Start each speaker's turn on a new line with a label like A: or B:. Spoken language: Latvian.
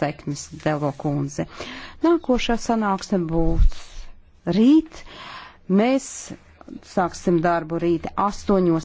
A: sekmes, Delvo kundze. Nākošā sanāksme būs rīt. Mēs sāksim darbu rīt astoņos.